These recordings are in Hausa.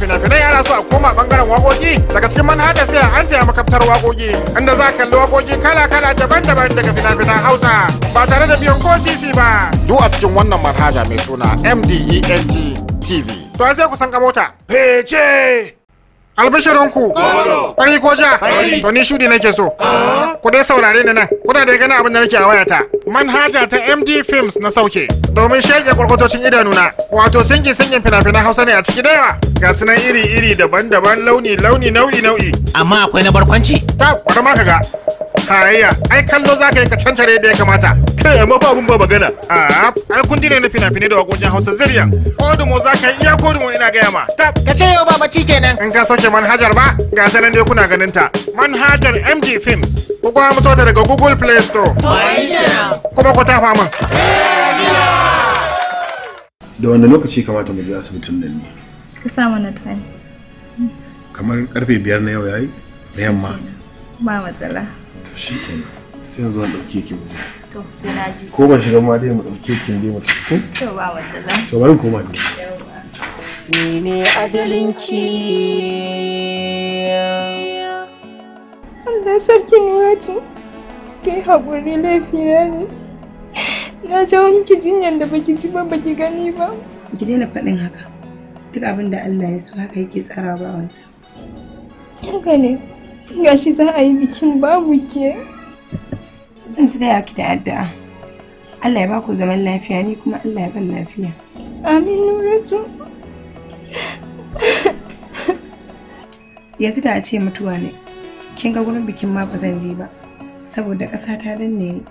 fina-finai ana so a koma bangaren wakoki daga cikin manhaja sai an taya makaftar wakoki inda za kalli wakoki kala-kala daban-daban daga fina-finan hausa ba tare da biyan ko sisi ba duk a cikin wannan manhaja mai suna mdent tv to sai ku san ka mota fece Albishirinku, fari ko ja, to ni shudi nake so. Ku dai saurare ni nan, kuna da gani abin da nake a wayata. Manhaja ta MD Films na sauke, domin shege kwarkwatocin idanuna, wato singi singin fina-finan Hausa ne a ciki da yawa. Ga sunan iri-iri daban-daban launi-launi nau'i-nau'i. Amma akwai na barkwanci? Ta, bari ma ka ga. tarayya ai kallo za ka yi ka cancare da ya kamata kai amma ba abun ba magana a ah, kun ji ne na fina-finai da wakokin hausa ziryan kodumo za ka yi iya kodumo ina gaya ma ta ka ce yau ba bacci kenan in ka sauke manhajar ba ga ta nan dai kuna ganin ta manhajar mg films ku kuma musu ta daga google play store kuma ku tafa min da wanda lokaci kamata mu je asibitin nan ne ka mana time kamar karfe biyar na yau yayi na yamma ba matsala shi kenan sai yanzu an ɗauke ki mu to sai na ji ko ban shiga ma dai mu ɗauke ki dai mu tafi to ba matsala to bari koma ne ni ne ajalinki Allah sarki Nuratu kai haƙuri laifina ne na jawo miki jinyar da baki ji ba baki gani ba ki daina faɗin haka duk abin da Allah ya so haka yake tsara bawansa haka ne gashi za a yi bikin babu ke zan ta daya ki da addu'a Allah ya ba ku zaman lafiya ni kuma Allah ya ban lafiya amin nuratu yanzu da a ce mutuwa ne kin ga gurin bikin ma ba zan je ba saboda ƙasa ta danne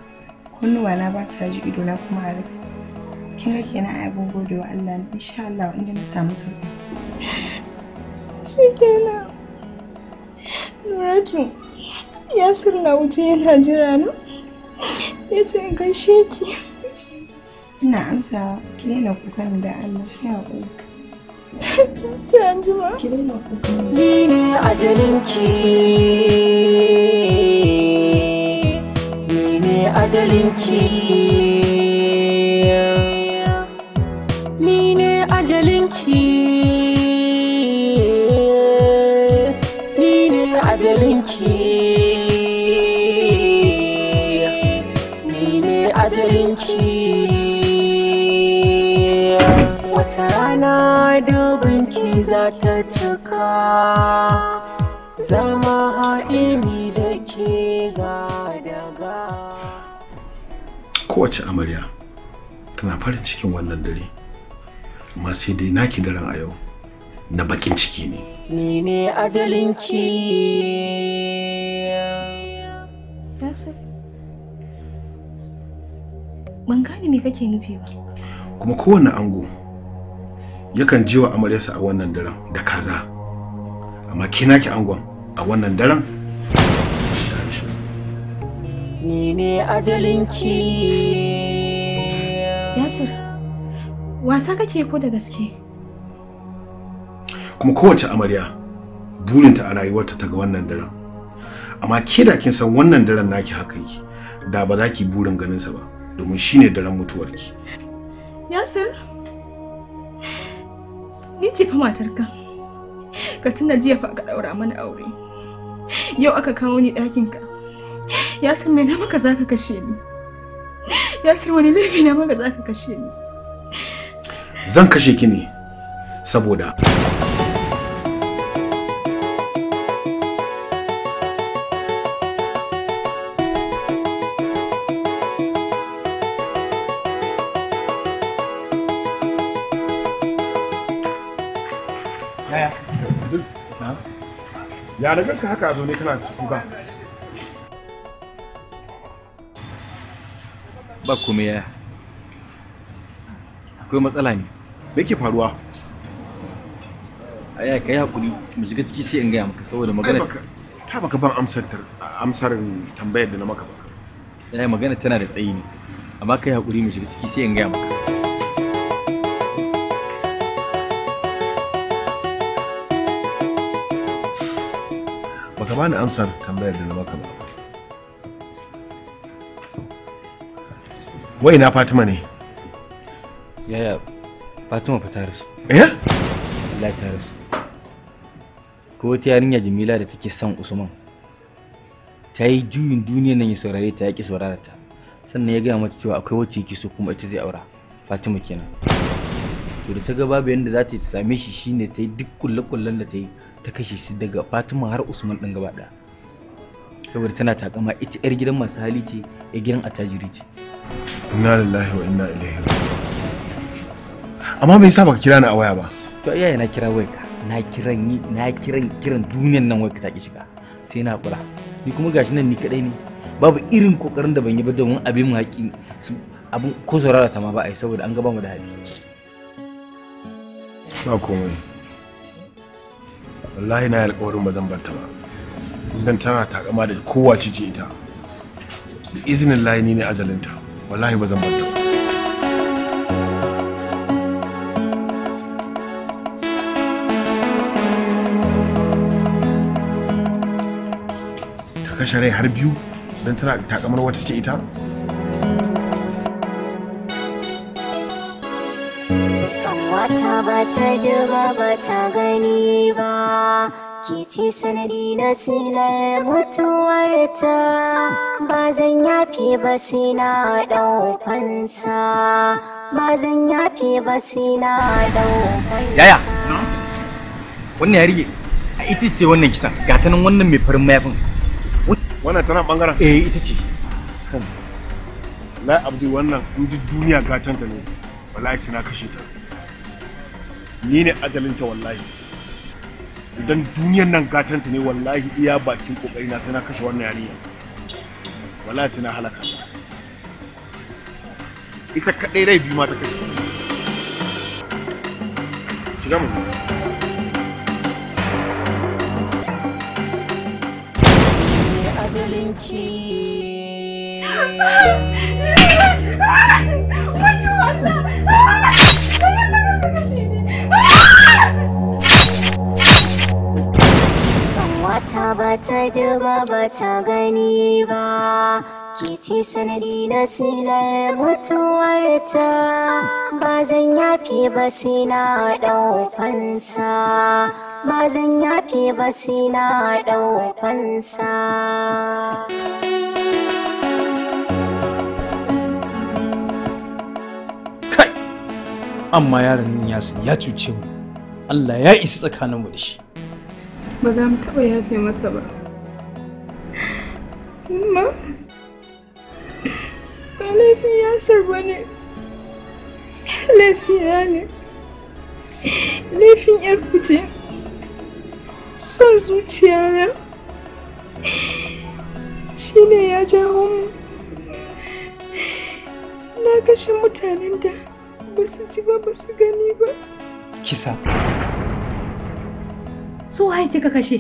kunnuwa na ba sa ji ido na kuma a kin ga kenan abin godewa Allah insha Allah inda na samu sauki shikenan Nuratu, ya na wuce yana jira na. Ya ce in gaishe ki. Ina amsa ki daina kukan da Allah ya haƙuri. Sai an ji ma. Ki daina kukan. Ni ne ajalinki. Ni ne ajalinki. Allah ta cika zama haɗini da ke daga kowace amarya tana farin cikin wannan dare amma sai dai naki daren a yau na bakin ciki ne ni ne ajalinki yasir ban gane kake nufi ba kuma kowane ango yakan jiwa amaryarsa a wannan daren da kaza amma kina ki angon a wannan daren ni ne ajalinki yasir wasa kake ko da gaske kuma kowace amarya burinta a rayuwarta ta ga wannan daren amma ke da kin san wannan daren naki haka yi da ba za ki burin ganinsa ba domin shine daren mutuwarki yasir Ni ce fa matarka. Ka tuna jiya fa ka daura mana aure. Yau aka kawo ni ɗakin ka. Ya san me na maka zaka kashe ni. Ya san wani laifi na maka zaka kashe ni. Zan kashe ki ne saboda ɗaya ya da ganka haka a zo ne kana kuka ba kuma yaya akwai matsala ne me ke faruwa Aya, yaya hakuri mu shiga ciki sai in gaya maka saboda magana ta baka ban amsar amsar tambayar da na maka ba yaya magana tana da tsayi ne amma ka yi haƙuri mu shiga ciki sai in gaya maka bani amsar tambayar da na maka ba wai na fatima ne yaya fatima fa ta rasu eh Allah ta rasu ko ta yarinya jamila da take son usman ta yi juyin duniya nan ya saurare ta yaƙi saurara ta sannan ya gaya mata cewa akwai wacce yake so kuma ita zai aura fatima kenan to da ta ga babu yadda za ta yi ta same shi shine ta yi duk kulle-kullen da ta yi ta kashe shi daga fatima har usman ɗin gaba ɗaya saboda tana takama ita 'yar gidan masu hali ce ya gidan attajiri ce inna lillahi wa inna ilaihi amma bai saba ka kira ni a waya ba to iyaye na kira waya ka na kiran ni na kiran kiran duniyan nan waya ka ta ki shiga sai na kula ni kuma gashi nan ni kadai ne babu irin kokarin da ban yi ba domin abin haƙi abin ko saurara ta ma ba a yi saboda an gaba mu da hali ba komai wallahi na yi alƙawarin ba zan bar ta ba dan tana takama da kowa ce ita da izinin layi ni ne ajalinta wallahi ba zan bar ta ba ta kashe rai har biyu don tana takamar wata ce ita mata ba ta ji ba ba ta gani ba ke ce sanadi na silar mutuwarta ba zan yafe ba sai na ɗaukansa ba zan yafe ba sai na ɗaukansa yaya wannan yarige a ita ce wannan kisan gata nan wannan mai farin mayafin wannan tana bangaren eh ita ce lai abdi wannan in duk duniya gatan ta ne wallahi sai na kashe ta ni ne ajalinta wallahi idan duniyan nan gatanta ne wallahi iya bakin kokari na sai na kashe wannan yarinya wallahi sai na halaka ta ita kadai rai biyu ma ta kashe shiga mu ajalinki Ah! Ah! ta bata ba bata gani ba ke ce sanadi na silar mutuwarta ba zan yafe ba sai na ɗaukansa ba zan yafe ba sai na ɗaukansa amma yaron ya ya cuce mu Allah ya isa tsakaninmu da shi ba za mu taɓa yafe masa ba amma ba laifin yasir ba ne laifiya ne laifin yar kuce son zuciyara shi ne ya jawo mu na kashe mutanen da ba su ji ba ba su gani ba kisa su waye ka kashe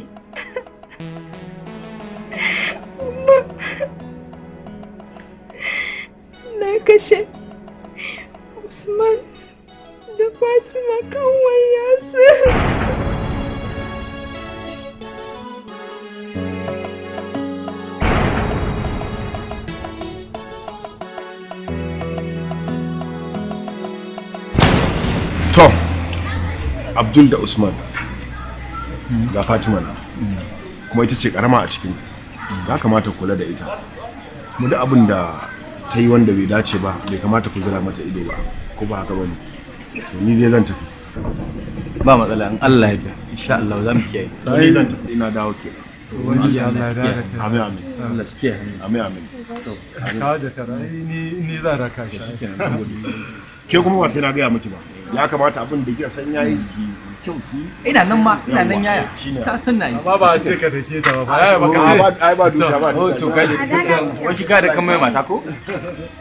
na kashe usman da fatima kan su Abdul da Usman ga fatima na kuma ita ce karama a cikin ya kamata kula da ita mu da abin da ta yi wanda bai dace ba bai kamata ku zira mata ido ba ko ba haka bane to ni dai zan tafi ba matsala in Allah ya bi insha Allah za mu kiyaye to ni zan tafi ina dawo ke wani ya lara ya dara ka amin amin Allah shi ke amin amin to ka da tara ni ni zan raka shi ke kuma ba sai na ga miki ba ya kamata abin da kika san yayi kyau ina nan ma ina nan yaya ta san na yi amma ba a ce ka dake ta ba ai ba ka ce ai ba duka ba oh to kaje wai shi ka da kan mai mata ko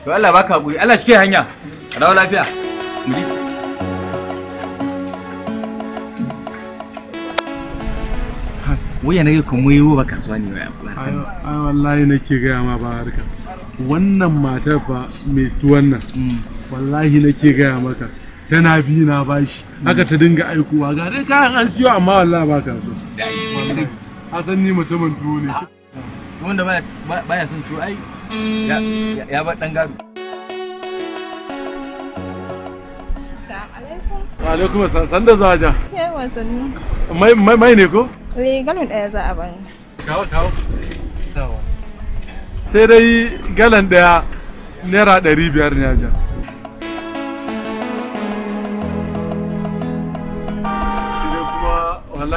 to Allah baka guri Allah shi ke hanya a dawo lafiya mu waya na ga kuma yiwo ba kasuwa ne ba a wallahi nake gaya ma ba harka wannan matar fa mai wannan mm. wallahi nake gaya maka tana bi na bashi haka ta dinga aikowa ga dai kayan an siyo amma wallahi ba ka so san ni mutumin tuwo ne ah. wanda baya son tuwo ai ya bar dan gado Wa alaikum san san da zuwa ja. Yawa sannu. Mai mai mai ne ko? Eh galon daya za a bani. Kawo kawo. Sai dai galan daya naira ɗari biyar ne a ja.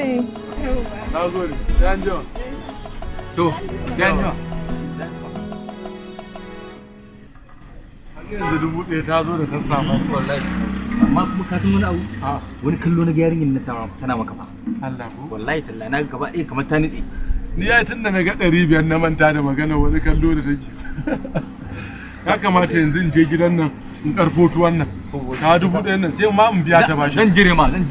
kai na gode yanzu dubu ɗaya ta zo da sassafa wallahi amma kuma ka san wani abu wani kallo na gyaran yin na tana maka fa Allah ko wallahi talla na gaba ɗaya kamar ta nitsi ni ya tunda na ga ɗari biyar na manta da magana wani kallo da take ya kamata yanzu in je gidan nan in tuwan nan ta dubu ɗaya nan sai ma in biya ta bashi zan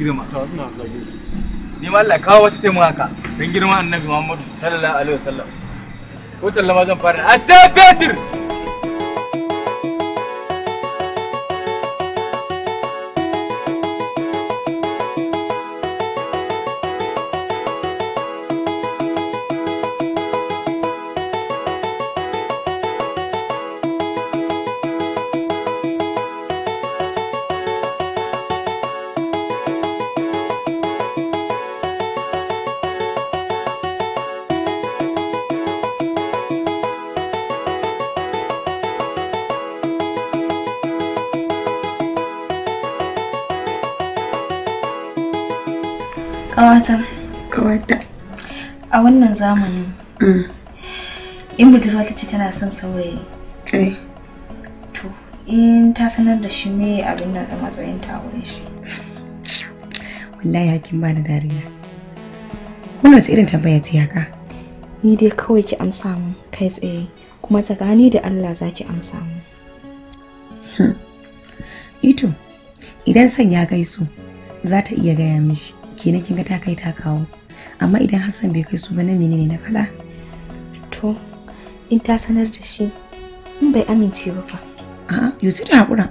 ni ma Allah kawo wata taimu haka don girman annabi Muhammadu sallallahu alaihi wasallam ko tallama zan fara a sai Petir A wannan zamanin. Mm. In budurwa ta ce tana son saurayi. Eh. To, in ta sanar da shi me abin nan da matsayin ta wurin shi. Wallahi hakin ba da dariya. Wannan irin tambaya ce haka. Ni dai kawai ki amsa mu kai tsaye kuma tsakani da Allah za ki amsa mu. Hmm. Ito, idan son ya gaisu, za ta iya gaya mishi. kenan kin ga ta kai ta kawo amma idan hassan bai kai su ba na menene na faɗa to in ta sanar da shi in bai amince ba fa a'a yusu ta haƙura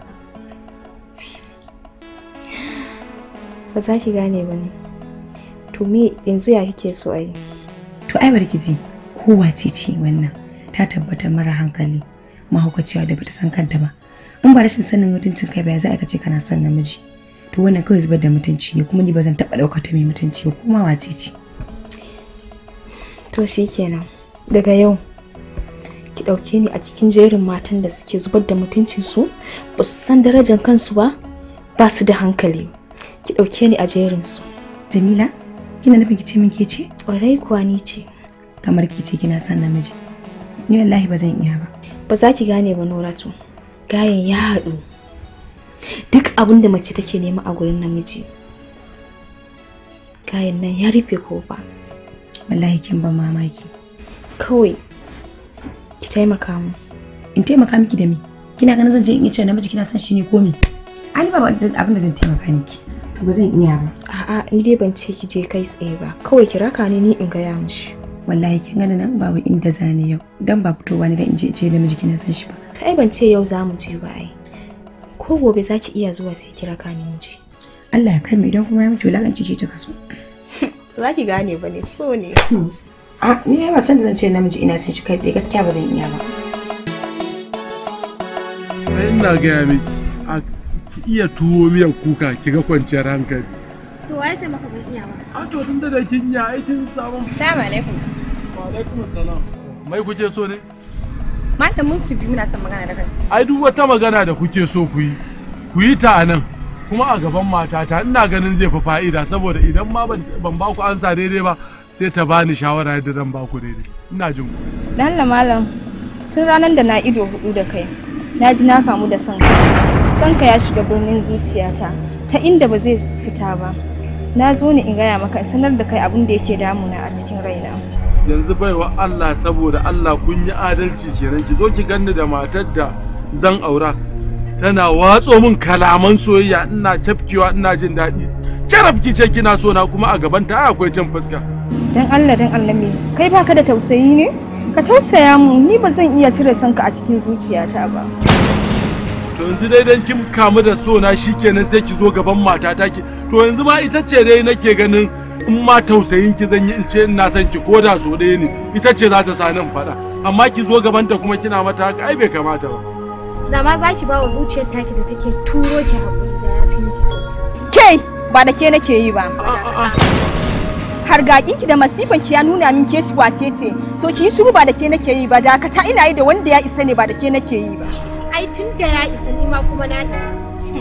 ba za ki gane ba ne to me yanzu ya kike so a yi to ai barki ji ko wacece wannan ta tabbatar mara hankali mahaukaciya da bata san kanta ba in ba rashin sanin mutuncin kai ba za a kace kana son namiji to wannan kawai zubar da mutunci ne kuma ni ba zan taɓa ɗauka ta mai mutunci ba kuma wace ce to shikenan daga yau ki ɗauke ni a cikin jerin matan da suke zubar da mutuncin su ba su san darajar kansu ba ba su da hankali ki ɗauke ni a jerin su jamila kina nufin ki ce min ke ce kwarai kuwa ni ce kamar ki kina son namiji ni wallahi ba zan iya ba ba za ki gane ba noratu Kayan ya haɗu duk abin da mace take nema a gurin namiji kayan nan ya rufe kofa wallahi kin ban mamaki kawai ki taimaka mu in taimaka miki da me kina ganin zan je in ce namiji kina son shi ne ko me ali ba abin da zan taimaka miki to ba zan iya ba a'a ni dai ban ce ki je kai tsaye ba kawai ki raka ni ni in ya mishi wallahi kin gani nan babu inda zani yau dan ba fitowa ne da in je ce namiji kina son shi ba kai ban ce yau za mu je ba ai ko gobe za ki iya zuwa sai kira ka ni je. Allah ya kai mu idan kuma ya mutu wulakanci ce ta kaso za ki gane ba ne so ne hmm. a ni ba san da zan ce namiji ina son shi kai tsaye gaskiya ba zan iya ba ina gaya miki a ki iya tuwo miyan kuka ki ga kwanciyar hankali to waye ce maka ban iya ba a to tun da kin ya aikin sabon assalamu alaikum wa alaikum assalam mai kuke so ne mun ci biyu muna son magana da kai. Ai duk wata magana da kuke so ku yi, ku yi ta a nan. Kuma a gaban matata ina ganin zai fi fa'ida saboda idan ma ban ba ku ansa daidai ba sai ta bani shawara yadda zan ba ku daidai. Ina jin ku. Dalla malam, tun ranar da na ido hudu da kai, na ji na kamu da sanka. Sanka ya shiga birnin zuciyata ta inda ba zai fita ba. Na zo ne in gaya maka sanar da kai abin da yake damuna a cikin raina. yanzu baiwa Allah saboda Allah kun yi adalci kenan ki zo ki ganni da matar da zan aura tana watso min kalaman soyayya ina cafkewa ina jin daɗi ki ce kina so na kuma a gaban ta akwai jan fuska dan Allah dan Allah me kai baka da tausayi ne ka tausaya mu ni ba zan iya cire sanka a cikin zuciyata ba to yanzu dai dan kin kamu da so na shikenan sai ki zo gaban matata ki to yanzu ma ita ce dai nake ganin in ma tausayin ki zan yi in ce ina son ki ko da so ɗaya ne ita ce za ta sa nan faɗa amma ki zo gabanta kuma kina mata haka ai bai kamata ba da ma za ki ba wa zuciyar taki da take turo ki haƙuri da yafi miki ke ba da ke nake yi ba ki da masifan ki ya nuna min ke wace ce to ki yi shiru ba da ke nake yi ba dakata ina yi da wanda ya isa ne ba da ke nake yi ba ai tun da ya isa ni ma kuma na isa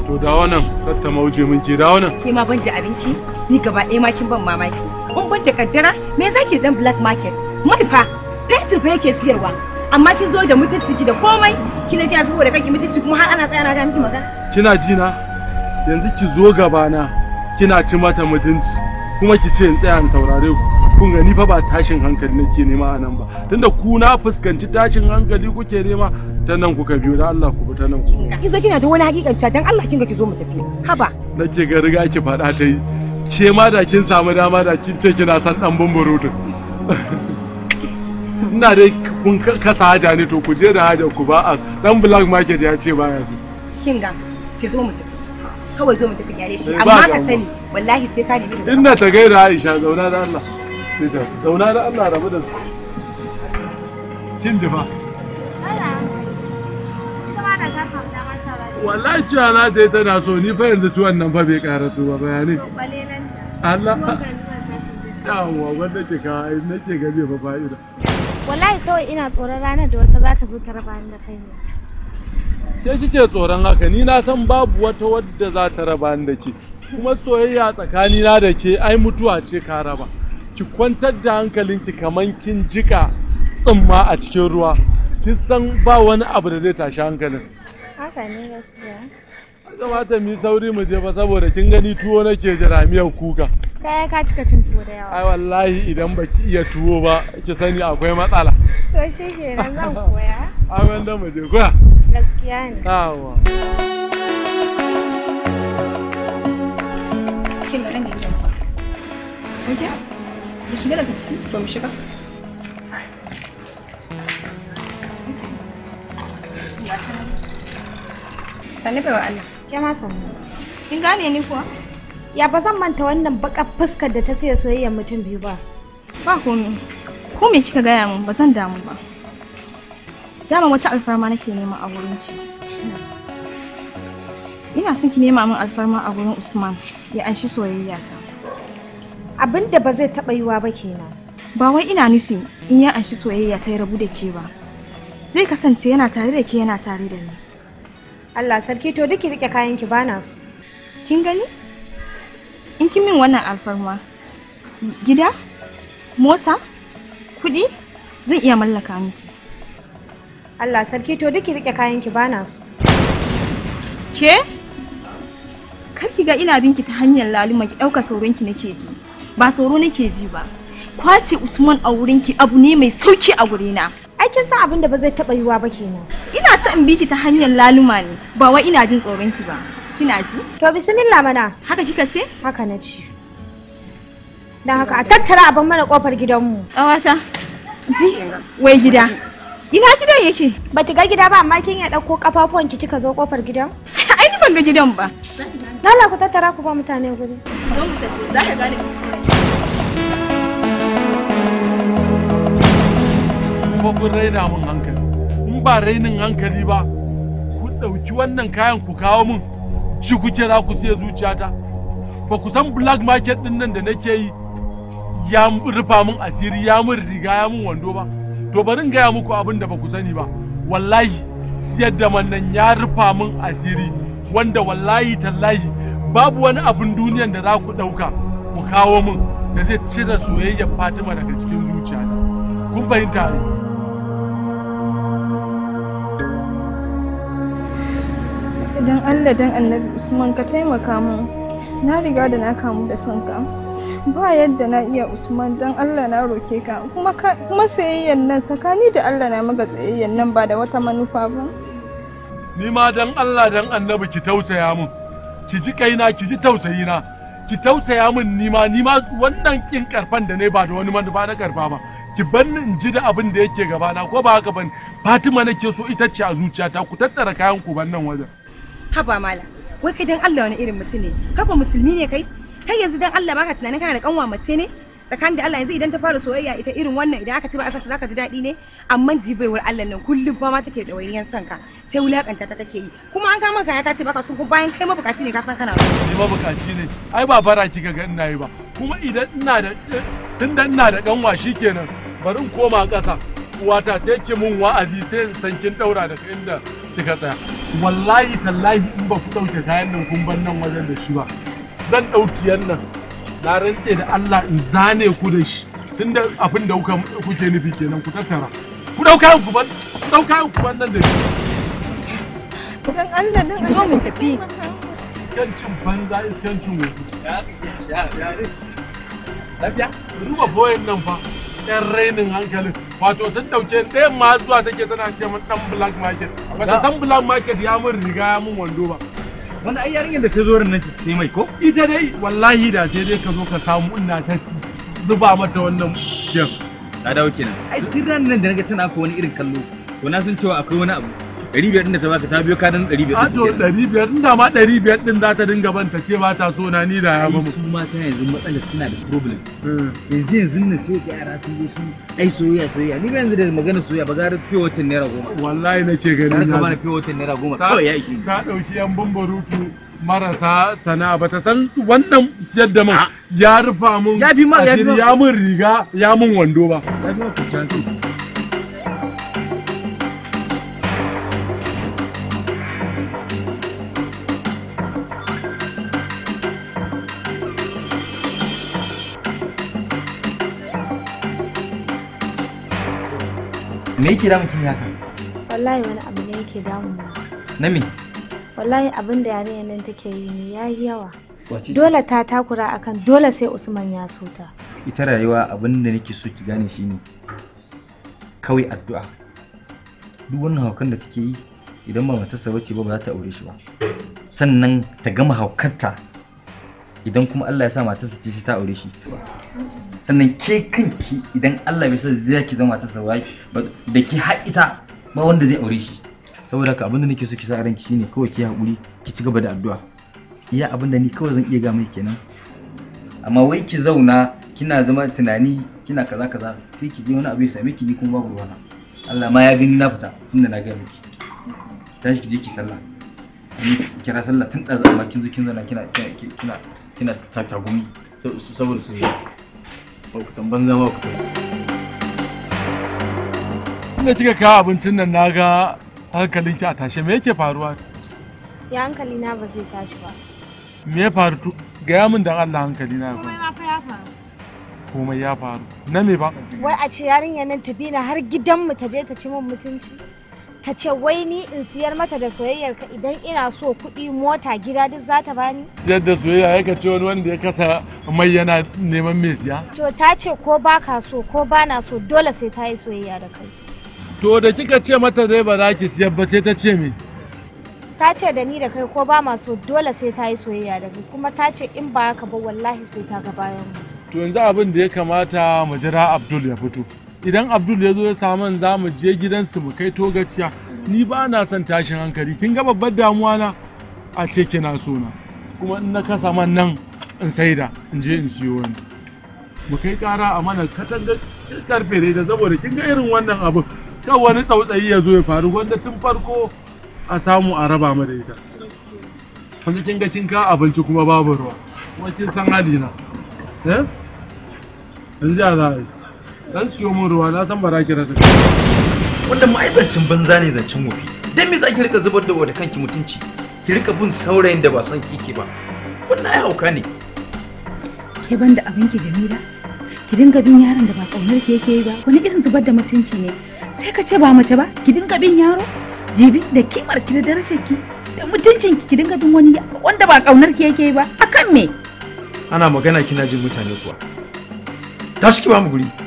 to da wannan tatta mauje mun je da wannan kai ma ban da abinci ni gaba ɗaya ma kin ban mamaki kun ban da kaddara me zaki dan black market mai fa fetin fa yake siyarwa amma kin zo da mutunci ki da komai kina kina zuwa da kake mutunci kuma har ana tsaya na ga miki magana kina ji na yanzu ki zo gaba na kina ci mata mutunci kuma ki ce in tsaya in saurare ku kun gani fa ba tashin hankali nake nema a nan ba tunda ku na fuskanci tashin hankali kuke nema ta nan kuka biyo da Allah ku ta nan ku ki zo kina da wani hakikanci dan Allah kinga ki zo mu tafi haba nake ga riga ki fada ta yi ke ma da kin samu dama da kin ce kina san dan bumburutun ina dai kun kasa haja ne to ku je da haja ku ba a dan black market ya ce baya su kinga ki zo mu tafi kawai zo mu tafi gyare shi eh, amma ka sani wallahi sai ka nemi inna ta gaira Aisha zauna da Allah sai ta zauna da Allah rabu da su kin ji fa wallahi cewa za ta yi tana so ni fa yanzu tuwon nan fa bai su ba bayanai Allah yawwa wanda ke ka nake ga zai fa fa'ida wallahi kawai ina tsoron ranar da wata za ta zo ta raba ni da kai ne ke kike tsoron haka ni na san babu wata wadda za ta raba ni da ke kuma soyayya tsakani na da ke ai mutuwa ce ka raba ki kwantar da hankalinki kamar kin jika tsimma a cikin ruwa kin san ba wani abu da zai tashi hankalin Haka ne gaskiya. kamata mu yi sauri mu je ba saboda kin gani tuwo nake jira miyar kuka. Kaya ka cika cin tuwo da yawa. Ai wallahi idan baki iya tuwo ba ki sani akwai matsala. To shi kenan zan koya. Amin da mu je koya. Gaskiya ne. Yawa. Kin ga nan ne. Oke. Mu shiga daga ciki to mu shiga. sannu wa Allah ke ma sannu kin gane ni kuwa ya ba zan manta wannan baka fuskar da ta saya soyayyar mutum biyu ba ba komai ko me kika gaya min ba zan damu ba dama wata alfarma nake nema a wurin ki ina son ki nema min alfarma a wurin Usman ya anshi soyayya ta abin da ba zai taɓa yiwa ba kenan ba wai ina nufi in ya anshi soyayya ta ya rabu da ke ba zai kasance yana tare da ke yana tare da ni Allah sarki to duk ki rike kayan ki bana su. Kin gani? In kin min wannan alfarma. Gida? Mota? Kuɗi? Zan iya mallaka miki. Allah sarki to duk ki rike kayan ki bana su. Ke? Kar ki ga ina binki ta hanyar laluma ki ɗauka ki nake ji. Ba sauro nake ji ba. Kwace Usman a wurinki abu ne mai sauki a wurina. ai kin san abin da ba zai taba yiwa ba kenan ina son in biki ta hanyar laluma ne ba wai ina jin tsoron ki ba kina ji to bismillah mana haka kika ce haka na ci dan haka a tattara abin mana kofar gidanmu Kawata. ji wai gida ina gidan yake ba ga gida ba amma kin ya dauko kafafuwan ki kika zo kofar gidan ai ni ban ga gidan ba dala ku tattara ku ba mutane guri zo mu tafi za ka gane fuskar fa kun raina mun hankali in ba rainin hankali ba ku ɗauki wannan kayan ku kawo mun shi kuke za ku sai zuciyata ba ku san black market ɗin nan da nake yi ya rufa mun asiri ya mun riga ya mun wando ba to bari in gaya muku abin da ba ku sani ba wallahi siyar da mannan ya rufa mun asiri wanda wallahi tallahi babu wani abin duniyan da za ku ɗauka ku kawo min da zai cire soyayyar fatima daga cikin ta kun fahimta ne don allah don annabi usman ka taimaka min na riga da na kamu da sanka ka ba yadda na iya usman don allah na roke ka kuma sayayyan nan tsakani da allah na maga tsayayyan nan ba da wata manufa ba ni ma don allah don annabi ki tausaya min ki ji kaina ki ji tausayina ki tausaya min ni ma ni ma wannan kin karfan da ne ba da wani manufa na karfa ba ki ban in ji da abin da yake gabana ko ba haka bane fatima nake so ita ce a zuciyata ku tattara kayan ku ban wajen haba mala wai kai dan Allah wani irin mutum ne kafa musulmi ne kai kai yanzu dan Allah baka tunanin kana da kanwa mace ne tsakanin da Allah yanzu idan ta fara soyayya ita irin wannan idan aka ci ba a sata zaka ji daɗi ne amma jibaiwar Allah nan kullum ba ma take da wayan sanka sai wulakanta ta kake yi kuma an kama kaya ka ce baka sun ku bayan kai mabukaci ne ka san kana ni mabukaci ne ai ba bara ki ga ina yi ba kuma idan ina da eh, tunda ina da kanwa shikenan bari in koma ƙasa uwata sai ki mun wa'azi sai san kin daura daga inda kika tsaya wallahi tallahi in ba ku dauke kayan nan kun bar nan wajen da shi ba zan ɗautiyan nan na rantse da Allah in zane ku da shi tunda abin da kuke nufi kenan ku tattara ku dauka ku ban dauka ku ban nan da shi dan Allah nan zo mu tafi iskancin banza iskancin wuri ya ya ya lafiya duba boyen nan fa ɗan rainin hankalin wato sun ɗauke ma zuwa take tana ce min ɗan black market ta san black market ya mun riga ya mun wando ba wani ai yarinyar da ta zo nan ta sai mai ko ita dai wallahi da sai dai ka zo ka samu ina ta zuba mata wannan jam ta dawo kenan ai tiran nan da naga tana ko wani irin kallo to na san cewa akwai wani abu 500 din da ta baka ta biyo ka dan 500 a to 500 din da ɗari biyar ɗin za ta dinga ban ta ce ba ta so na ni da ya ba mu su mata yanzu matsalar suna da problem eh. yanzu yanzu nan sai ga yara sun je su ai soyayya soyayya ni ba yanzu da magana soyayya ba gara fiye watan naira goma wallahi nake ganin ka ba fiye watan naira goma kawai ya ishi ka ɗauki yan bambarutu marasa sana'a ba ta san wannan siyar da man ya rufa mun ya fi ma ya fi ya mun riga ya mun wando ba ya fi ma me yake damun kin haka wallahi wani abu ne yake damun mu na me wallahi abin da yarinyar nan take yi ne yayi yawa dole ta takura akan dole sai Usman ya so ta ita rayuwa abin da nake so ki gane shine kawai addu'a duk wannan haukan da take yi idan ba matarsa bace ba ba za ta aure shi ba sannan ta gama haukanta idan kuma Allah ya sa matarsa ce sai ta aure shi sannan ke kanki idan Allah bai sa zai ki zama ta saurayi da ki har ita ba wanda zai aure shi saboda ka abin da nake so ki sa ranki shine kawai ki hakuri ki ci gaba da addu'a iya abin da ni kawai zan iya ga mai kenan amma wai ki zauna kina zama tunani kina kaza kaza sai ki je wani abu ya same ki ni kuma babu ruwana Allah ma ya gani na fita tunda na ga miki tashi ki je ki sallah kira sallah tun da amma kin zo kin zauna kina kina kina tatagumi saboda su yi Mafutan banza mafutan. Inda kika kawo abincin nan na ga hankalinki a tashe me yake faruwa? Ya hankali na ba zai tashi ba. Me ya faru tu? Gaya min dan Allah hankali na ya faru. Komai ya faru. Komai ya faru. Na me ba? Wai a ce yarinya nan ta bi na har gidanmu ta je ta ci min mutunci. ka ce wai ni in siyar mata da soyayyar ka idan ina so kuɗi mota gida duk za ta bani siyar da soyayya ya ka ce wani wanda ya kasa mai yana neman mai siya to ta ce ko ba ka so ko ba na so dole sai ta yi soyayya da kai to da kika ce mata dai ba za ki siyar ba sai ta ce me ta ce da ni da kai ko ba ma so dole sai ta yi soyayya da kai kuma ta ce in ba ka ba wallahi sai ta ga bayan mu to yanzu abin da ya kamata mu jira Abdul ya fito idan Abdul ya zo ya samu za mu je gidansu mu kai togaciya ni ba na son tashin hankali kin ga babbar damuwa na a ce kina so na kuma in na kasa man nan in saida in je in siyo wani mu kai kara a mana katangar karfe ne da saboda kin ga irin wannan abin kan wani tsautsayi ya zo ya faru wanda tun farko a samu a raba mu da ita kuma kin ga kin ka abinci kuma babu ruwa kuma kin san halina eh yanzu za a yi Dan siyo min ruwa na san ba za ki rasa. Wannan ma'aikacin banza ne zancen wofi. Dan me za ki rika zubar da wa da kanki mutunci? Ki rika bin saurayin da ba ki ke ba. Wannan ai hauka ne. Ke banda ki Jamila. Ki dinga bin yaron da ba kaunar ki yake yi ba. Wani irin zubar da mutunci ne. Sai ka ce ba mace ba, ki dinga bin yaro. Jibi da kimar ki da darajar ki da mutuncin ki ki dinga bin wani wanda ba kaunar ki yake yi ba. Akan me? Ana magana kina jin mutane kuwa. Tashi ki ba mu guri.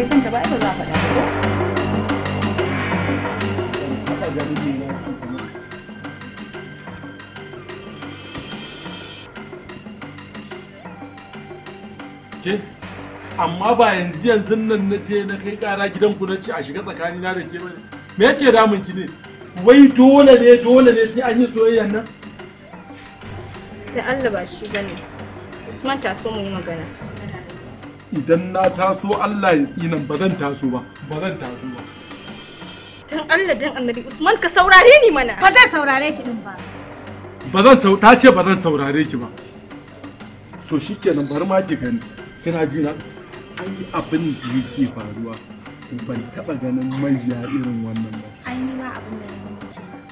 kai kanta ba ke amma ba yanzu yanzu nan na je na kai kara gidanku na ci a shiga tsakanina da ke bane me yake damun ki ne wai dole ne dole ne sai an yi soyayya nan da Allah ba shi bane Usman ta so mu yi magana idan na taso Allah ya tsinan ba zan taso ba ba zan taso ba dan Allah dan Annabi Usman ka saurare ni mana ba zan saurare ki din ba ba zan sau ta ce ba zan saurare ki ba to shikenan bari ma ki gani kina ji na ai abin da yake faruwa ban taba ganin manja irin wannan ba ai ni ma abin da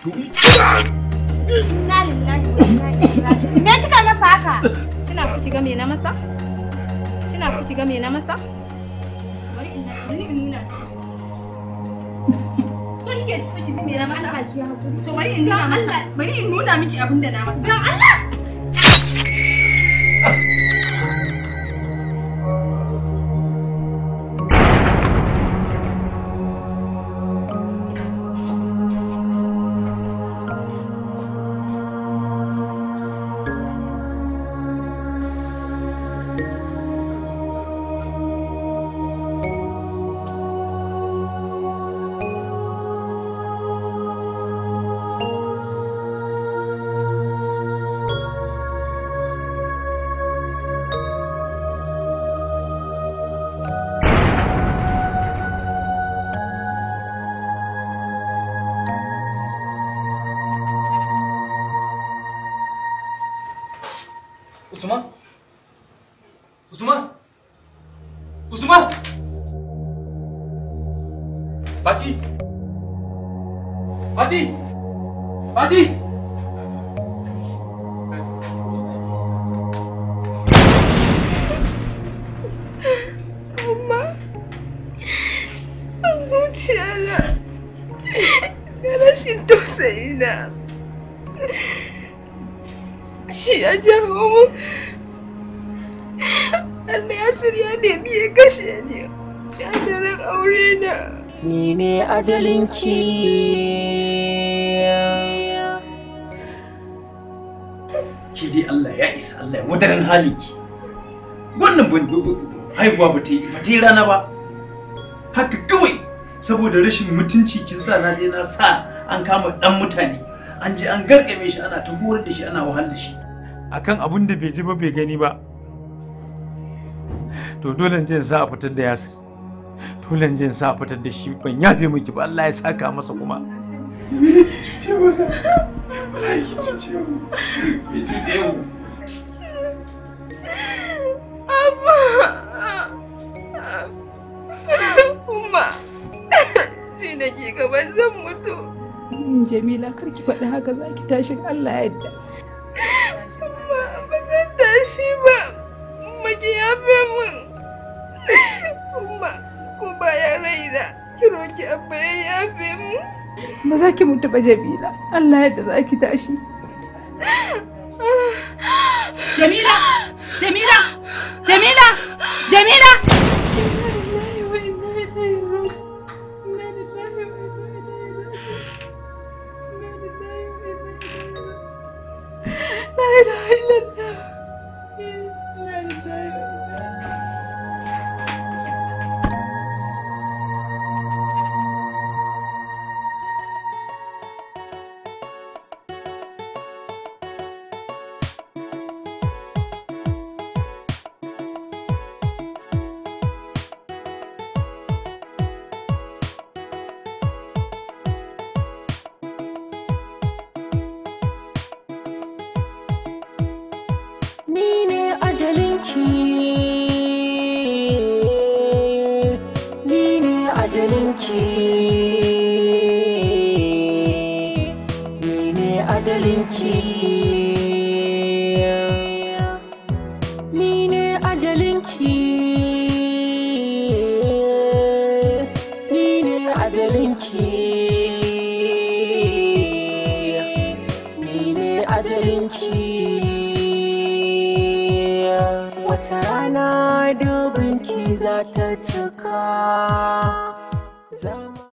to inna lillahi wa inna ilaihi raji'un me kika masa haka kina so ki ga me na masa ina so ki ga me na masa bari in nuna so kike so ki ji me na masa to bari in nuna masa bari in nuna miki abin da na masa dan Allah saina Shi ya jawo mu. Allah ya surya ne ya kashe ni. Ya daren aure na. Ni ne ajalinki. ki dai Allah ya isa Allah ya wadaran halin ki wannan ban haihuwa ba ta yi ba ta yi rana ba haka kawai saboda rashin mutunci kin sa na je na sa an kama dan mutane an je an gargame shi ana ta horar da shi ana wahal da shi akan abun da bai ji ba bai gani ba to dole je sa a fitar da yasir dole je sa a fitar da shi ban yafe miki ba Allah ya saka masa kuma me ki ki nake gaban zan mutu Hmm, Jamila kar ki faɗi haka za ki tashi Allah ya Amma Ba zan tashi ba, maki ya fi min. Amma ko ba ya raina, ki roki abba ya yafe mu. Ba za ki mutu ba Jamila, Allah ya yadda za ki tashi. Jamila! Jamila! Jamila! Jamila! I love 去。